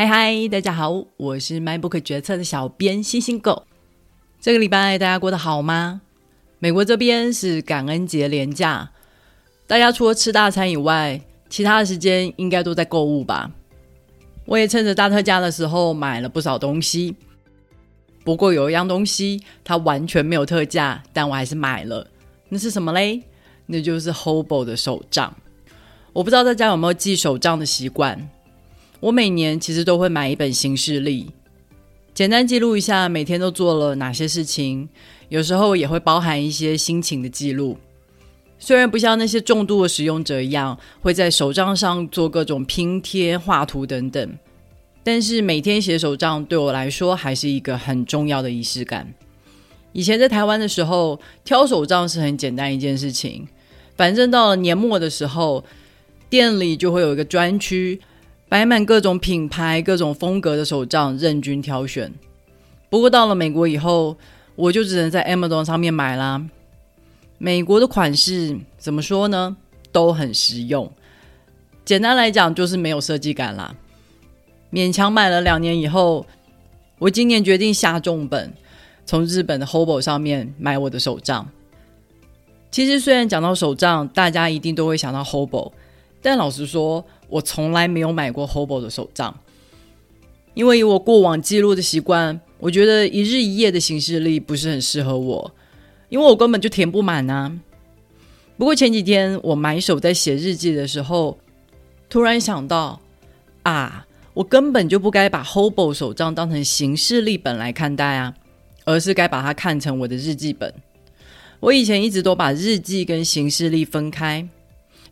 嗨嗨，大家好，我是 MINEBOOK 掘冊的小編星星狗。這個禮拜大家過得好嗎？美國這邊是感恩節連假，大家除了吃大餐以外，其他的時間應該都在購物吧。我也趁着大特價的時候買了不少東西，不過有一樣東西它完全沒有特價，但我還是買了。那是什麼嘞？那就是 Hobo 的手賬。我不知道大家有沒有記手賬的習慣。我每年其實都會買一本行事曆，簡單記錄一下每天都做了哪些事情，有時候也會包含一些心情的記錄。雖然不像那些重度的使用者一樣會在手賬上做各種拼貼、畫圖等等，但是每天寫手賬對我來說還是一個很重要的儀式感。以前在台灣的時候，挑手賬是很簡單一件事情，反正到了年末的時候，店裡就會有一個專區。擺滿各種品牌、各種風格的手賬，任君挑選。不過到了美國以後，我就只能在 Amazon 上面買啦。美國的款式怎麼說呢？都很實用。簡單來講就是沒有設計感啦。勉強買了兩年以後，我今年決定下重本，從日本的 Hobo 上面買我的手賬。其實雖然講到手賬，大家一定都會想到 Hobo，但老實說，我從來沒有買過 Hobo 的手賬，因為以我過往記錄的習慣，我覺得一日一夜的行事曆不是很適合我，因為我根本就填不滿啊。不過前幾天我埋首在寫日記的時候，突然想到啊，我根本就不該把 Hobo 手賬當成行事曆本來看待啊，而是該把它看成我的日記本。我以前一直都把日記跟行事曆分開。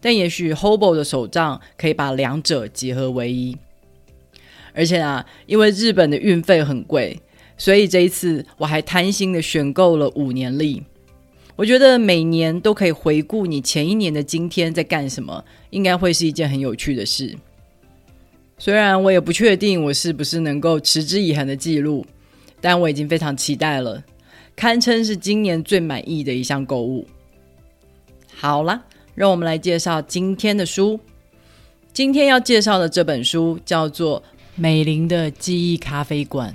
但也許 Hobo 的手賬可以把兩者結合為一，而且啊，因為日本的運費很貴，所以這一次我還貪心的選購了五年曆。我覺得每年都可以回顧你前一年的今天在幹什麼，應該會是一件很有趣的事。雖然我也不確定我是不是能夠持之以恆的記錄，但我已經非常期待了，堪稱是今年最滿意的一項購物。好了。讓我們來介紹今天的書。今天要介紹的這本書叫做《美玲的記憶咖啡館》。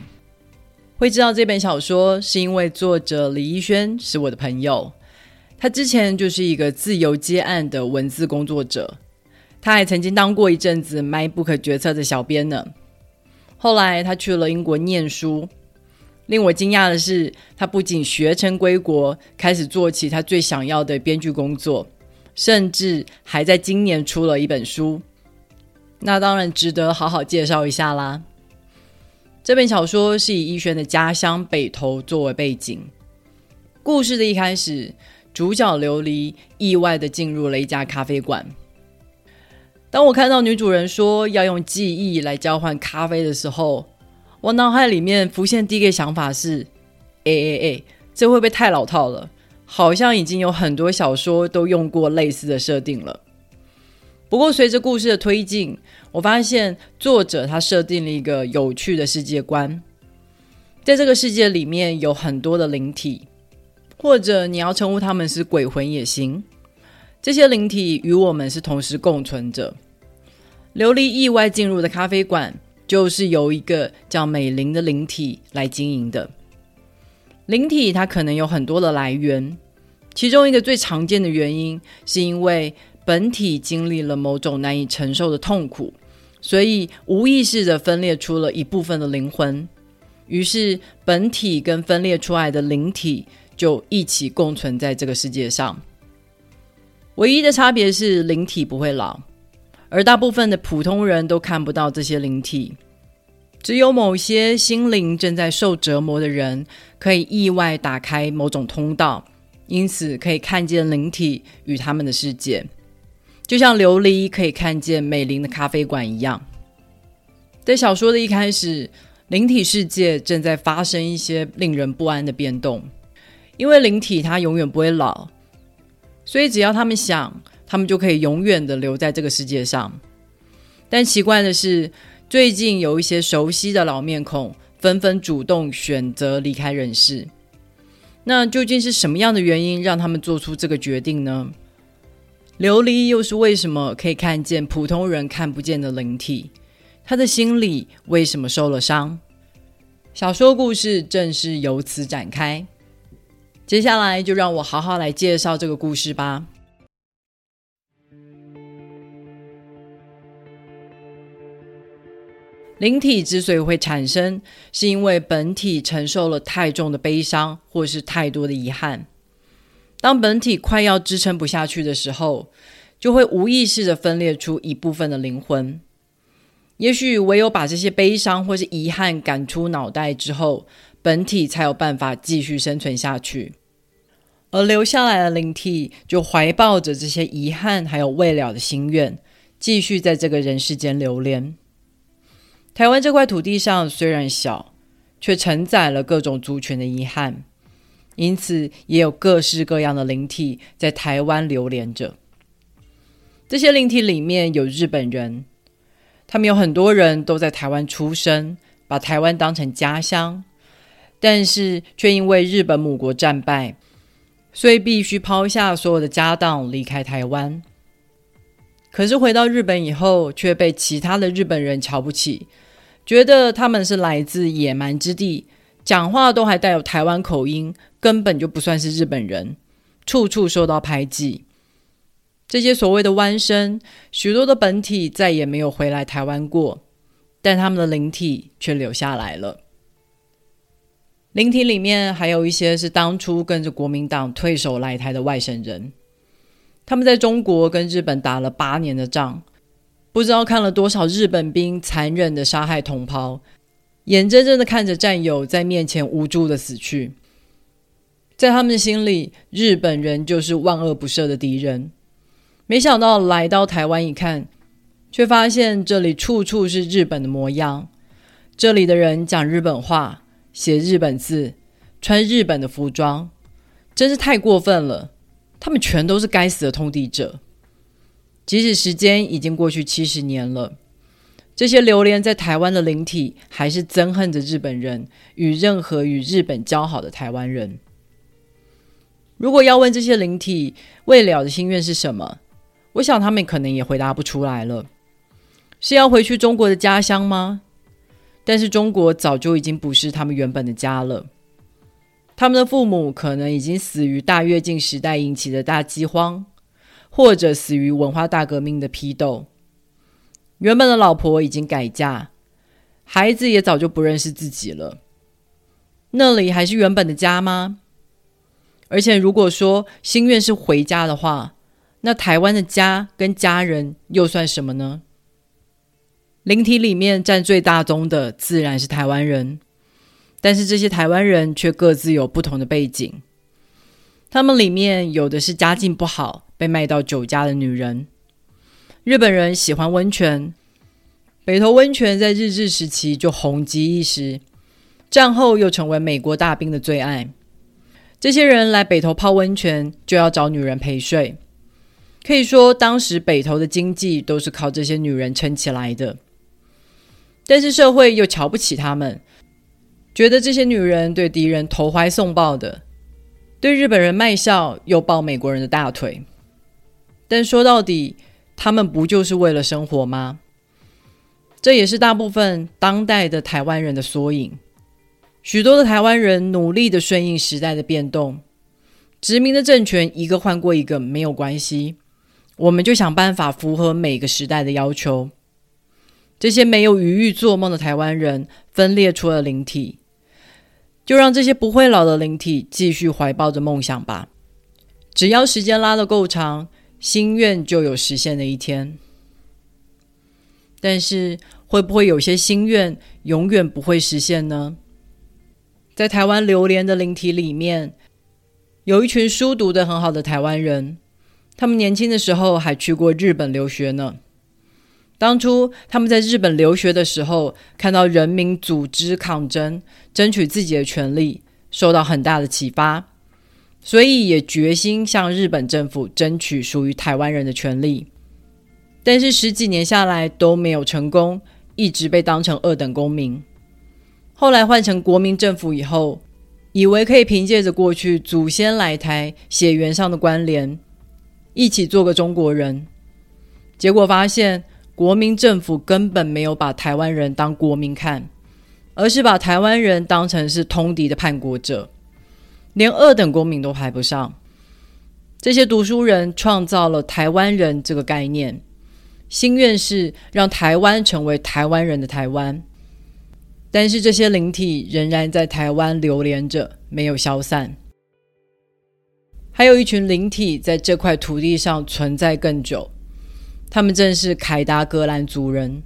會知道這本小說，是因為作者李一軒是我的朋友。他之前就是一個自由接案的文字工作者，他還曾經當過一陣子 MINEBOOK 掘冊的小編呢。後來他去了英國念書。令我驚訝的是，他不僅學成歸國，開始做起他最想要的編劇工作。甚至還在今年出了一本書，那當然值得好好介紹一下啦。這本小說是以伊軒的家鄉北投作為背景。故事的一開始，主角琉璃意外的進入了一家咖啡館。當我看到女主人說要用記憶來交換咖啡的時候，我腦海裡面浮現第一個想法是，誒誒誒，這會不會太老套了？好像已經有很多小說都用過類似的設定了。不過隨着故事的推進，我發現作者他設定了一個有趣的世界觀，在這個世界裡面有很多的靈體，或者你要稱呼他們是鬼魂也行。這些靈體與我們是同時共存着。琉璃意外進入的咖啡館，就是由一個叫美玲的靈體來經營的。靈體它，可能有很多的來源，其中一個最常見的原因是因為本體經歷了某種難以承受的痛苦，所以無意識地分裂出了一部分的靈魂，於是本體跟分裂出來的靈體就一起共存在這個世界上。唯一的差別是靈體不會老，而大部分的普通人都看不到這些靈體。只有某些心靈正在受折磨的人，可以意外打開某種通道，因此可以看見靈體與他們的世界，就像琉璃可以看見美玲的咖啡館一樣。在小說的一開始，靈體世界正在發生一些令人不安的變動，因為靈體它永遠不會老，所以只要他們想，他們就可以永遠的留在這個世界上。但奇怪的是，最近有一些熟悉的老面孔紛紛主動選擇離開人世，那究竟是什麼樣的原因讓他們做出這個決定呢？琉璃又是為什麼可以看見普通人看不見的靈體？他的心裡為什麼受了傷？小說故事正是由此展開，接下來就讓我好好來介紹這個故事吧。靈體之所以會產生，是因為本體承受了太重的悲傷，或是太多的遺憾。當本體快要支撐不下去的時候，就會無意識地分裂出一部分的靈魂。也許唯有把這些悲傷或是遺憾趕出腦袋之後，本體才有辦法繼續生存下去。而留下來的靈體，就懷抱着這些遺憾，還有未了的心願，繼續在這個人世間流連。台灣這塊土地上雖然小，卻承載了各種族群的遺憾，因此也有各式各樣的靈體在台灣流連着。這些靈體裡面有日本人，他們有很多人都在台灣出生，把台灣當成家鄉，但是卻因為日本母國戰敗，所以必須拋下所有的家當離開台灣。可是回到日本以後，卻被其他的日本人瞧不起。覺得他們是來自野蠻之地，講話都還帶有台灣口音，根本就不算是日本人，處處受到排擠。這些所謂的灣生，許多的本體再也沒有回來台灣過，但他們的靈體卻留下來了。靈體裡面還有一些是當初跟着國民黨退守來台的外省人，他們在中國跟日本打了八年的仗。不知道看了多少日本兵殘忍的殺害同胞，眼睜睜的看着戰友在面前無助的死去，在他們的心裡，日本人就是萬惡不赦的敵人。沒想到來到台灣一看，卻發現這裡處處是日本的模樣，這裡的人講日本話，寫日本字，穿日本的服裝，真是太過分了！他們全都是該死的通敵者。即使時間已經過去七十年了，這些流連在台灣的靈體還是憎恨着日本人與任何與日本交好的台灣人。如果要問這些靈體未了的心願是什麼，我想他們可能也回答不出來了。是要回去中國的家鄉嗎？但是中國早就已經不是他們原本的家了。他們的父母可能已經死於大躍進時代引起的大饑荒。或者死於文化大革命的批鬥，原本的老婆已經改嫁，孩子也早就不認識自己了。那裡還是原本的家嗎？而且如果說心願是回家的話，那台灣的家跟家人又算什麼呢？靈體裡面占最大宗的自然是台灣人，但是這些台灣人卻各自有不同的背景。他們裡面有的是家境不好被賣到酒家的女人。日本人喜歡溫泉，北投溫泉在日治時期就紅極一時，戰後又成為美國大兵的最愛。這些人來北投泡溫泉就要找女人陪睡，可以說當時北投的經濟都是靠這些女人撐起來的。但是社會又瞧不起他們，覺得這些女人對敵人投懷送抱的。對日本人賣笑，又抱美國人的大腿，但說到底，他們不就是為了生活嗎？這也是大部分當代的台灣人的縮影。許多的台灣人努力地順應時代的變動，殖民的政權一個換過一個，沒有關係，我們就想辦法符合每個時代的要求。這些沒有餘裕做夢的台灣人分裂出了靈體。就讓這些不會老的靈體繼續懷抱着夢想吧。只要時間拉得夠長，心願就有實現的一天。但是，會不會有些心願永遠不會實現呢？在台灣流連的靈體裡面，有一群書讀得很好的台灣人，他們年輕的時候還去過日本留學呢。當初他們在日本留學的時候，看到人民組織抗爭，爭取自己的權利，受到很大的啟發，所以也決心向日本政府爭取屬於台灣人的權利。但是十幾年下來都沒有成功，一直被當成二等公民。後來換成國民政府以後，以為可以憑借着過去祖先來台血緣上的關聯，一起做個中國人，結果發現。國民政府根本沒有把台灣人當國民看，而是把台灣人當成是通敵的叛國者，連二等公民都排不上。這些讀書人創造了“台灣人”這個概念，心願是讓台灣成為台灣人的台灣。但是這些靈體仍然在台灣流連着，沒有消散。還有一群靈體在這塊土地上存在更久。他們正是凱達格蘭族人。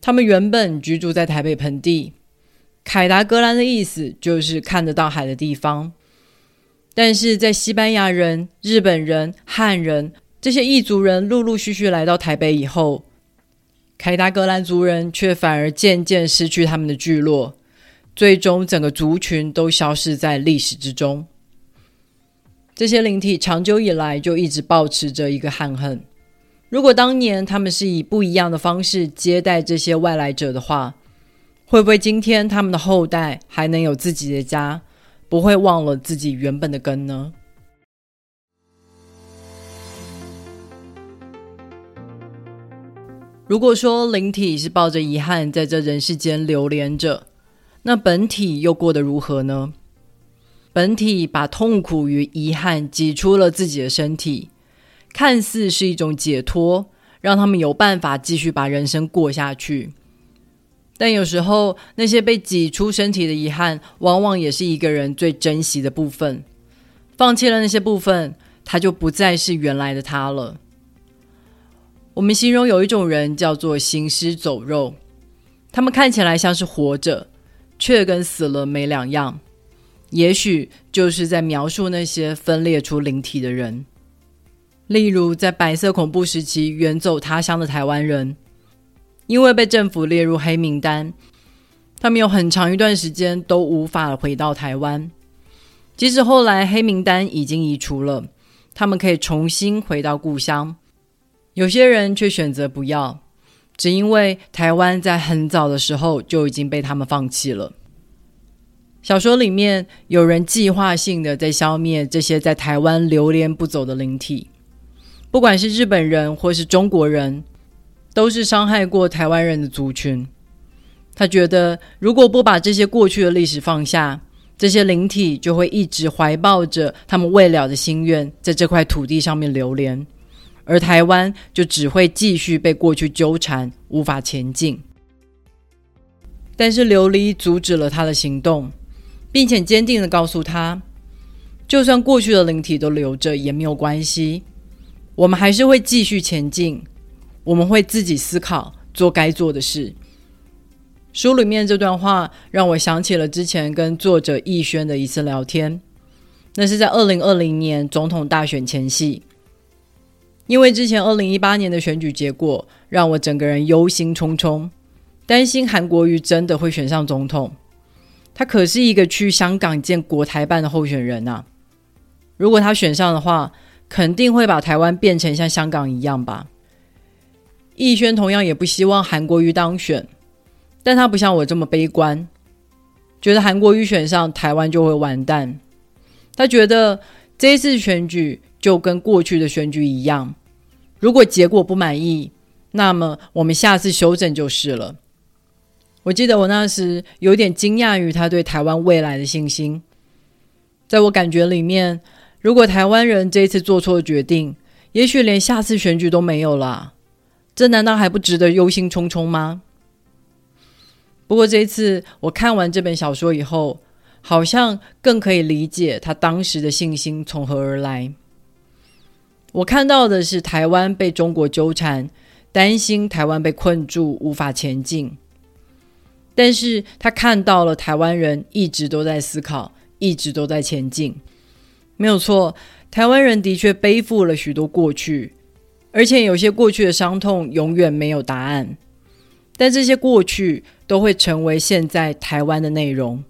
他們原本居住在台北盆地，凱達格蘭的意思就是看得到海的地方。但是在西班牙人、日本人、漢人這些異族人陸陸續續來到台北以後，凱達格蘭族人卻反而漸漸失去他們的聚落，最終整個族群都消失在歷史之中。這些靈體長久以來就一直抱持著一個憾恨。如果當年他們是以不一樣的方式接待這些外來者的話，會不會今天他們的後代還能有自己的家，不會忘了自己原本的根呢？如果說靈體是抱着遺憾在這人世間流連着，那本體又過得如何呢？本體把痛苦與遺憾擠出了自己的身體。看似是一種解脫，讓他們有辦法繼續把人生過下去。但有時候，那些被擠出身體的遺憾，往往也是一個人最珍惜的部分。放棄了那些部分，他就不再是原來的他了。我們形容有一種人叫做行屍走肉，他們看起來像是活着，卻跟死了沒兩樣。也許就是在描述那些分裂出靈體的人。例如，在白色恐怖時期，遠走他鄉的台灣人，因為被政府列入黑名單，他們有很長一段時間都無法回到台灣。即使後來黑名單已經移除了，他們可以重新回到故鄉，有些人卻選擇不要，只因為台灣在很早的時候就已經被他們放棄了。小說裡面有人計劃性的在消滅這些在台灣流連不走的靈體。不管是日本人或是中國人，都是傷害過台灣人的族群。他覺得，如果不把這些過去的歷史放下，這些靈體就會一直懷抱着他們未了的心願，在這塊土地上面流連，而台灣就只會繼續被過去糾纏，無法前進。但是琉璃阻止了他的行動，並且堅定地告訴他，就算過去的靈體都留着也沒有關係。我們還是會繼續前進，我們會自己思考，做該做的事。書裡面這段話讓我想起了之前跟作者易軒的一次聊天，那是在二零二零年總統大選前夕，因為之前二零一八年的選舉結果讓我整個人憂心忡忡，擔心韓國瑜真的會選上總統。他可是一個去香港見國台辦的候選人吶、啊，如果他選上的話。肯定會把台灣變成像香港一樣吧。易軒同樣也不希望韓國瑜當選，但他不像我這麼悲觀，覺得韓國瑜選上台灣就會完蛋。他覺得這一次選舉就跟過去的選舉一樣，如果結果不滿意，那麼我們下次修正就是了。我記得我那時有點驚訝於他對台灣未來的信心，在我感覺裡面。如果台灣人這次做錯了決定，也許連下次選舉都沒有了。這難道還不值得憂心忡忡嗎？不過這次我看完這本小說以後，好像更可以理解他當時的信心從何而來。我看到的是台灣被中國糾纏，擔心台灣被困住無法前進。但是他看到了台灣人一直都在思考，一直都在前進。沒有錯，台灣人的確背負了許多過去，而且有些過去的傷痛永遠沒有答案。但這些過去都會成為現在台灣的內容。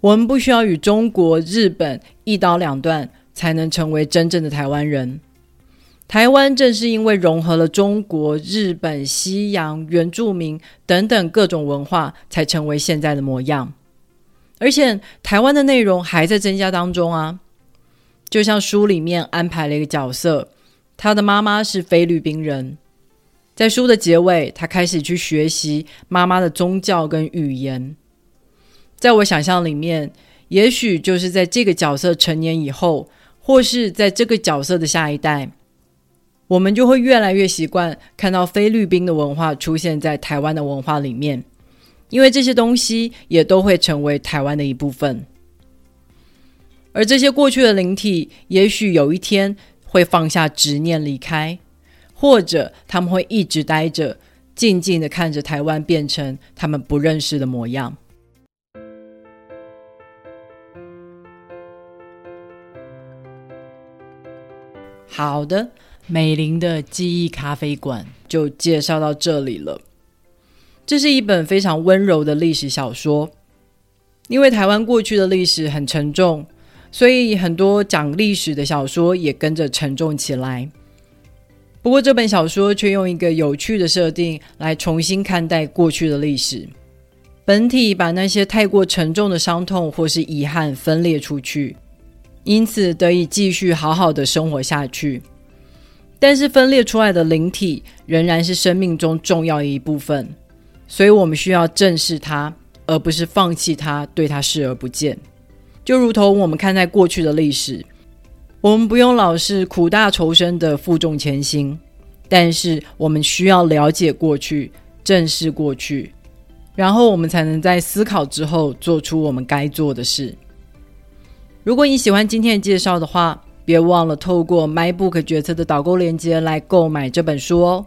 我們不需要與中國、日本一刀兩斷，才能成為真正的台灣人。台灣正是因為融合了中國、日本、西洋、原住民等等各種文化，才成為現在的模樣。而且台灣的內容還在增加當中啊，就像書裡面安排了一個角色，他的媽媽是菲律賓人，在書的結尾，他開始去學習媽媽的宗教跟語言。在我想象裡面，也許就是在這個角色成年以後，或是在這個角色的下一代，我們就會越來越習慣看到菲律賓的文化出現在台灣的文化裡面。因為這些東西也都會成為台灣的一部分，而這些過去的靈體，也許有一天會放下執念離開，或者他們會一直待着，靜靜的看着台灣變成他們不認識的模樣。好的，美玲的記憶咖啡館就介紹到這裡了。這是一本非常溫柔的歷史小說，因為台灣過去的歷史很沉重，所以很多講歷史的小說也跟着沉重起來。不過，這本小說卻用一個有趣的設定來重新看待過去的歷史。本體把那些太過沉重的傷痛或是遺憾分裂出去，因此得以繼續好好的生活下去。但是，分裂出來的靈體仍然是生命中重要的一部分。所以我們需要正視它，而不是放棄它，對它視而不見。就如同我們看待過去的歷史，我們不用老是苦大仇深的負重前行，但是我們需要了解過去，正視過去，然後我們才能在思考之後做出我們該做的事。如果你喜歡今天的介紹的話，別忘了透過 MINEBOOK 掘冊的導購鏈接來購買這本書哦。